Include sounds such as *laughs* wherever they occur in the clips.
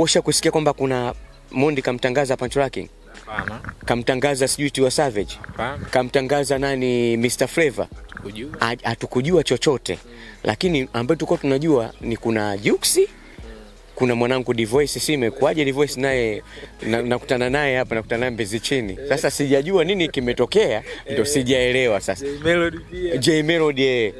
Washa kusikia kwamba kuna Mondi kamtangaza Punch Lacking. Hapana. Kamtangaza sijui Tiwa Savage. Hapana. Kamtangaza nani Mr Flavor. Hatukujua Hatukujua chochote. Hmm. Lakini ambayo tulikuwa tunajua ni kuna Juksi, kuna mwanangu Divoice, si imekuaje Divoice naye nakutana na naye hapa nakutana naye Mbezi chini. Sasa sijajua nini kimetokea ndio sijaelewa sasa. J Melody pia. J Melody eh.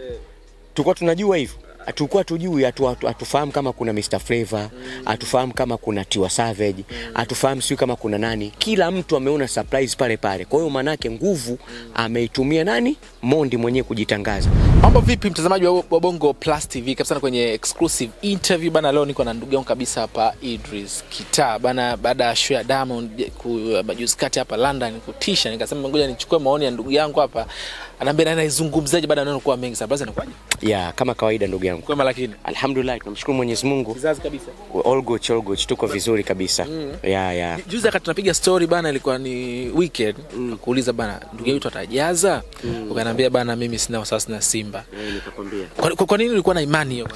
Tulikuwa tunajua hivyo tulikuwa tujui, hatufahamu kama kuna Mr Flavor, hatufahamu kama kuna Tiwa Savage, hatufahamu sio kama kuna nani. Kila mtu ameona surprise pale pale. Kwa hiyo maanake nguvu ameitumia nani Mondi mwenyewe kujitangaza. Mambo vipi mtazamaji wa Bongo Plus TV, kabisa na kwenye exclusive interview bana. Leo niko na ndugu yangu kabisa hapa Idris Kita bana, baada ya show ya Diamond uh, juzi kati hapa London kutisha, nikasema ngoja nichukue maoni ya ndugu yangu hapa, anaambia naye naizungumzaje baada ya neno kuwa mengi sana. Basi anakuaje? Yeah, kama kawaida ndugu yangu. Kwema lakini. Alhamdulillah, tunamshukuru Mwenyezi Mungu. Kizazi kabisa. All good, all good. Tuko vizuri kabisa. Mm. Yeah, yeah. Juzi akati tunapiga story bana, ilikuwa ni weekend. Mm. Kuuliza bana, ndugu yetu atajaza? Mm. Ukaniambia bana, mimi sina wasiwasi na simu Simba. Kwa, kwa nini ulikuwa na imani hiyo?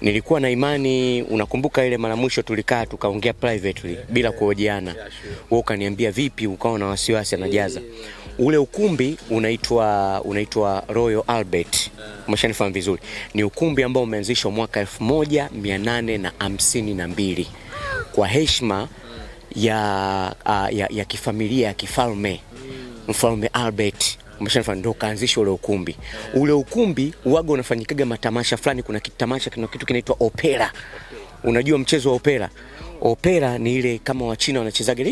Nilikuwa na imani. Unakumbuka ile mara mwisho tulikaa tukaongea privately bila kuhojiana, wewe ukaniambia vipi, ukawa na wasiwasi anajaza ule ukumbi unaitwa unaitwa Royal Albert, umeshanifahamu vizuri. Ni ukumbi ambao umeanzishwa mwaka 1852 kwa heshima ya, ah, ya, ya kifamilia ya kifalme mm. Mfalme Albert Mshafan ndo kaanzisha ule ukumbi. Ule ukumbi waga unafanyikaga matamasha fulani, kuna kitamasha kuna kitu kinaitwa opera. Unajua mchezo wa opera? Opera ni ile kama Wachina wanachezaga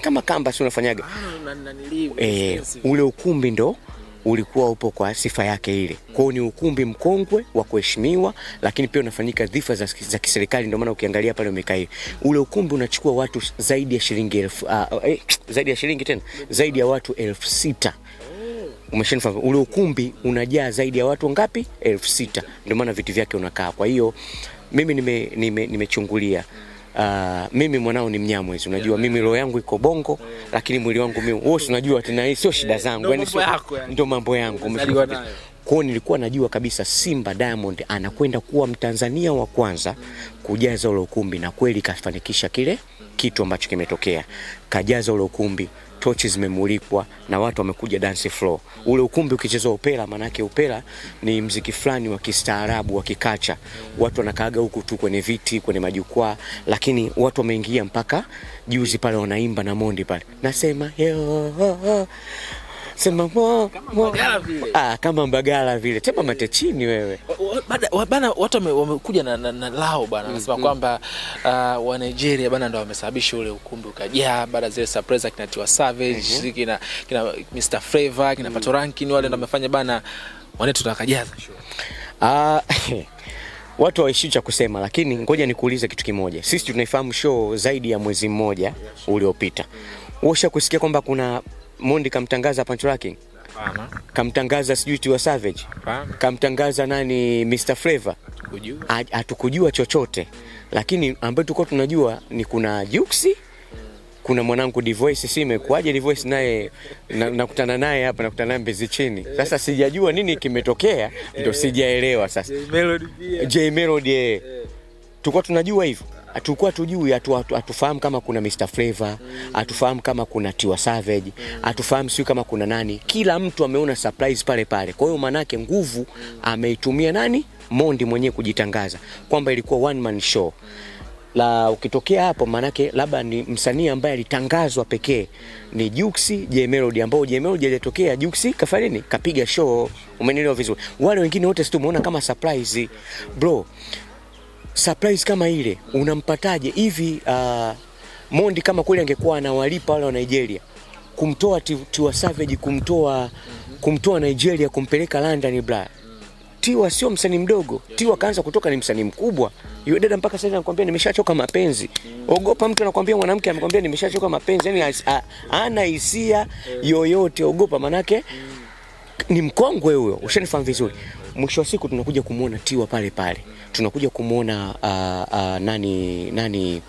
kama kamba, si unafanyaga ah, eh. Ule ukumbi ndo ulikuwa upo kwa sifa yake ile. Kwa hiyo ni ukumbi mkongwe wa kuheshimiwa, lakini pia unafanyika dhifa za, za kiserikali. Ndio maana ukiangalia pale umekaa hivi, ule ukumbi unachukua watu zaidi ya shilingi elfu, uh, eh, zaidi ya shilingi tena zaidi ya watu elfu sita umeshanifahamu ule ukumbi unajaa zaidi ya watu ngapi? elfu sita. Ndio maana viti vyake unakaa. Kwa hiyo mimi nimechungulia nime, nime Uh, mimi mwanao ni Mnyamwezi, unajua yeah. mimi roho yangu iko Bongo, yeah. lakini mwili wangu mimi wewe unajua tena, hii sio shida zangu, yaani yani ndio mambo yangu. Kwao nilikuwa najua kabisa Simba Diamond anakwenda kuwa Mtanzania wa kwanza kujaza ule ukumbi, na kweli kafanikisha kile kitu ambacho kimetokea, kajaza ule ukumbi tochi zimemulikwa na watu wamekuja dance floor. Ule ukumbi ukicheza opera, maanake opera ni mziki fulani wa kistaarabu wa kikacha, watu wanakaaga huku tu kwenye viti, kwenye majukwaa, lakini watu wameingia mpaka juzi pale, wanaimba na Mondi pale, nasema yo sema ah, kama Mbagala vile tepa mate chini wewe bana. Watu wamekuja na, na, na lao bana, mm-hmm. anasema mm kwamba uh, wa Nigeria bana ndo wamesababisha ule ukumbi ukajaa bana, zile surprise kina Tiwa Savage mm -hmm. kina, kina Mr Flavor kina mm Pato mm-hmm. Rankin wale ndo wamefanya bana, wanetu tutakajaza ah *laughs* watu waishi cha kusema, lakini ngoja nikuulize kitu kimoja. Sisi tunaifahamu show zaidi ya mwezi mmoja uliopita, washa kusikia kwamba kuna Mondi kamtangaza Punch Lacking, kamtangaza sijui Tiwa Savage, kamtangaza nani Mr Flavor, hatukujua chochote, lakini ambayo tulikuwa tunajua ni kuna Juksi kuna mwanangu Divoice, si imekuaje? Divoice naye nakutana na naye hapa, nakutana naye Mbezi chini. Sasa sijajua nini kimetokea, ndio eh. sijaelewa. Sasa J Melody, eh. Eh. tulikuwa tunajua hivyo Tulikuwa tujui hatufahamu kama kuna Mr Flavor, hatufahamu kama kuna Tiwa Savage, hatufahamu sio kama kuna nani. Kila mtu ameona surprise pale pale. Kwa hiyo manake nguvu ameitumia nani? Mondi mwenyewe kujitangaza kwamba ilikuwa one man show. La ukitokea hapo manake labda ni msanii ambaye alitangazwa pekee ni Juksi J Melody ambao J Melody alitokea Juksi kafanya Kapiga show, umenielewa vizuri. Wale wengine wote situmeona kama surprise. Bro, surprise kama ile unampataje hivi? Uh, Mondi kama kweli angekuwa anawalipa wale wa Nigeria kumtoa Tiwa Savage kumtoa kumtoa Nigeria kumpeleka London bla. Tiwa sio msanii mdogo. Tiwa kaanza kutoka ni msanii mkubwa. Yule dada mpaka sasa anakuambia nimeshachoka mapenzi. Ogopa mtu anakuambia mwanamke anakuambia nimeshachoka mapenzi. yani ana hisia yoyote, ogopa manake ni mkongwe huyo, ushanifahamu vizuri. Mwisho wa siku tunakuja kumwona Tiwa pale pale, tunakuja kumwona uh, uh, nani nani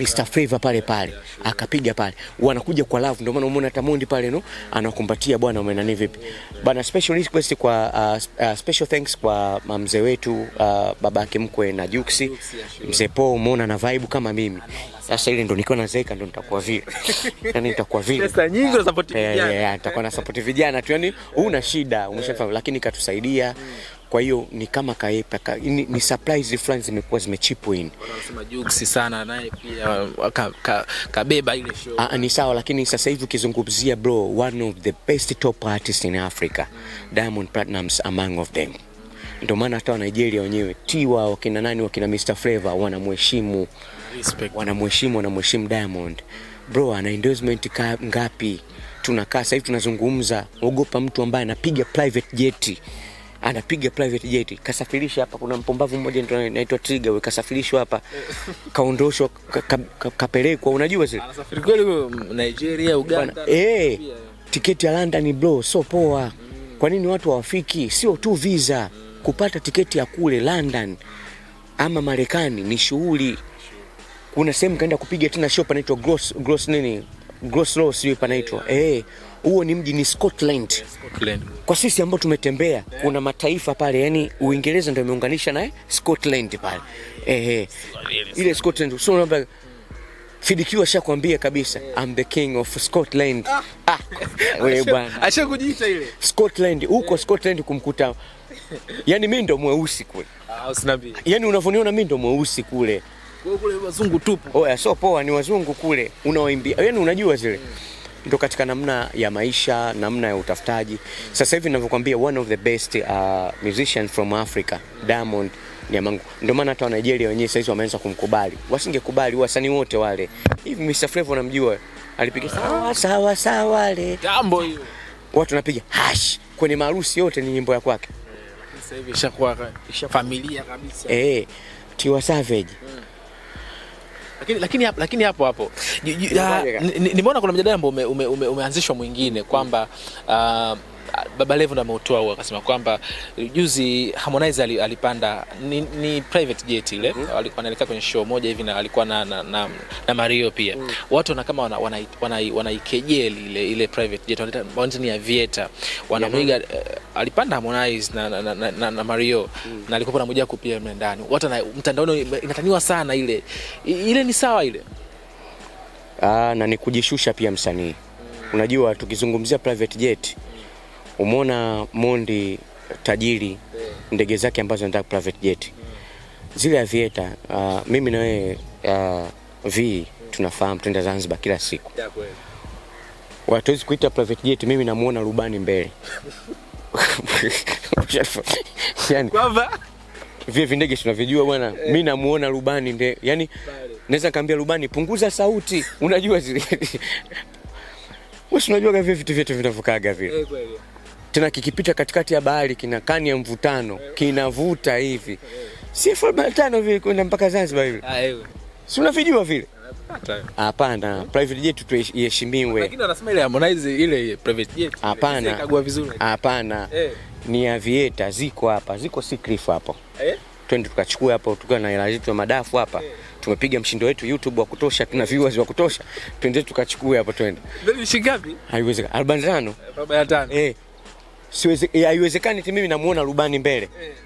Mr Favor pale pale akapiga pale, wanakuja kwa love. Ndio maana umeona hata Mondi pale no anakumbatia bwana, umeona ni vipi bana. Special request kwa uh, uh, special thanks kwa uh, mzee wetu uh, babake mkwe na Juksi, mzee Paul. Umeona na vibe kama mimi sasa, ile ndo nikiwa na zeka ndo nitakuwa vile, *laughs* yani nitakuwa vile pesa nyingi za support eh, vijana, nitakuwa na support vijana tu, yani una shida umeshafahamu, lakini katusaidia Mm. Kwa hiyo ni kama kaepa ka, ni, ni supplies fulani zimekuwa zimechipu in. Wanasema Jux sana naye pia kabeba ka, ka ile show. Ah, ah, ni sawa lakini sasa hivi ukizungumzia bro one of the best top artists in Africa mm. Diamond Platnumz among of them. Ndio maana hata Nigeria wenyewe Tiwa wakina nani wakina Mr Flavor wanamheshimu respect wanamheshimu wanamheshimu Diamond bro, ana endorsement ka, ngapi? Tunakaa sasa hivi tunazungumza, ogopa mtu ambaye anapiga private jeti anapiga private jet kasafirisha hapa. Kuna mpombavu mmoja ndio anaitwa Trigger, we kasafirishwa hapa, kaondoshwa, kapelekwa, unajua zile anasafiri kweli Nigeria, Uganda. Eh, hey, tiketi ya London bro, so poa. Kwa nini watu hawafiki? Sio tu visa, kupata tiketi ya kule London ama Marekani ni shughuli. Kuna sehemu kaenda kupiga tena shop panaitwa Gross Gross nini Gross loss hiyo panaitwa eh hey huo ni mji ni Scotland. Yeah, Scotland. Kwa sisi ambao tumetembea yeah. Kuna mataifa pale yani Uingereza ndio imeunganisha na Scotland pale eh, eh. Ile Scotland sio namba Fidikiwa ashakwambia kabisa yeah. I'm the king of Scotland. Ah. ah wewe bwana. Acha kujiita ile. Scotland huko yeah. Scotland kumkuta Yaani mimi ndo mweusi kule. Ah, usinabii. Yaani unavoniona mimi ndo mweusi kule. Kule kule wazungu tupo. Oya, so poa ni wazungu kule Unaoimbia. Yaani unajua zile. Mm ndo katika namna ya maisha, namna ya utafutaji. Sasa hivi ninavyokuambia, one of the best uh, musician from Africa Diamond ni amangu, Ndio maana hata Nigeria wenyewe sasa wameanza kumkubali, wasingekubali wasanii wote wale. Hivi Mr Flavor namjua, alipiga sawa sawa sawa wale jambo hiyo, watu napiga hash kwenye maharusi yote, ni nyimbo ya kwake. Sasa hivi ishakuwa ishafamilia kabisa, eh Tiwa Savage hmm. Lakini lakini hapo lakini hapo hapo ah, nimeona kuna mjadala ambao umeanzishwa mwingine kwamba uh, Baba Levo ndo ameutoa huo, akasema kwamba juzi Harmonize alipanda ni, ni private jet ile mm -hmm. alikuwa anaelekea kwenye show moja hivi na alikuwa na, na, na, na Mario pia mm -hmm. watu na kama wanaikejeli wana, wana, wana ile, ile private jet wanaita ni aviator wanamwiga mm -hmm. uh, alipanda Harmonize na, na, na, na, na Mario mm -hmm. na alikuwa na kupia pia ndani, watu na mtandaoni inataniwa sana ile ile, ni sawa ile ah, na ni kujishusha pia msanii mm -hmm. unajua tukizungumzia private jet mm. Umeona Mondi tajiri ndege zake ambazo anataka private jet zile avieta. Uh, mimi na wewe uh, v tunafahamu tunaenda Zanzibar kila siku, watuwezi kuita private jet. Mimi namuona rubani mbele *laughs* yani, vile vindege tunavijua bwana, eh. mimi namuona rubani nde, yani naweza kaambia rubani punguza sauti, unajua zile *laughs* wewe unajua vile vitu vyetu vinavyokaaga vile eh, tena kikipita katikati ya bahari kina kani ya mvutano kinavuta hivi si arobaini tano vile kwenda mpaka Zanzibar hivi, ah, si unavijua vile? Hapana, private jet tuheshimiwe. Lakini wanasema ile Harmonize ile private jet, hapana, kagua vizuri, hapana, eh. ni avieta ziko hapa, ziko Seacliff hapo eh? Twende tukachukua hapo, tukiwa na hela zetu ya madafu hapa eh. Tumepiga mshindo wetu YouTube wa kutosha, tuna viewers wa kutosha, twende tukachukue hapo, twende Ni shilingi ngapi? Haiwezekani 45 45 eh Eh, haiwezekani ti mimi namuona rubani mbele eh.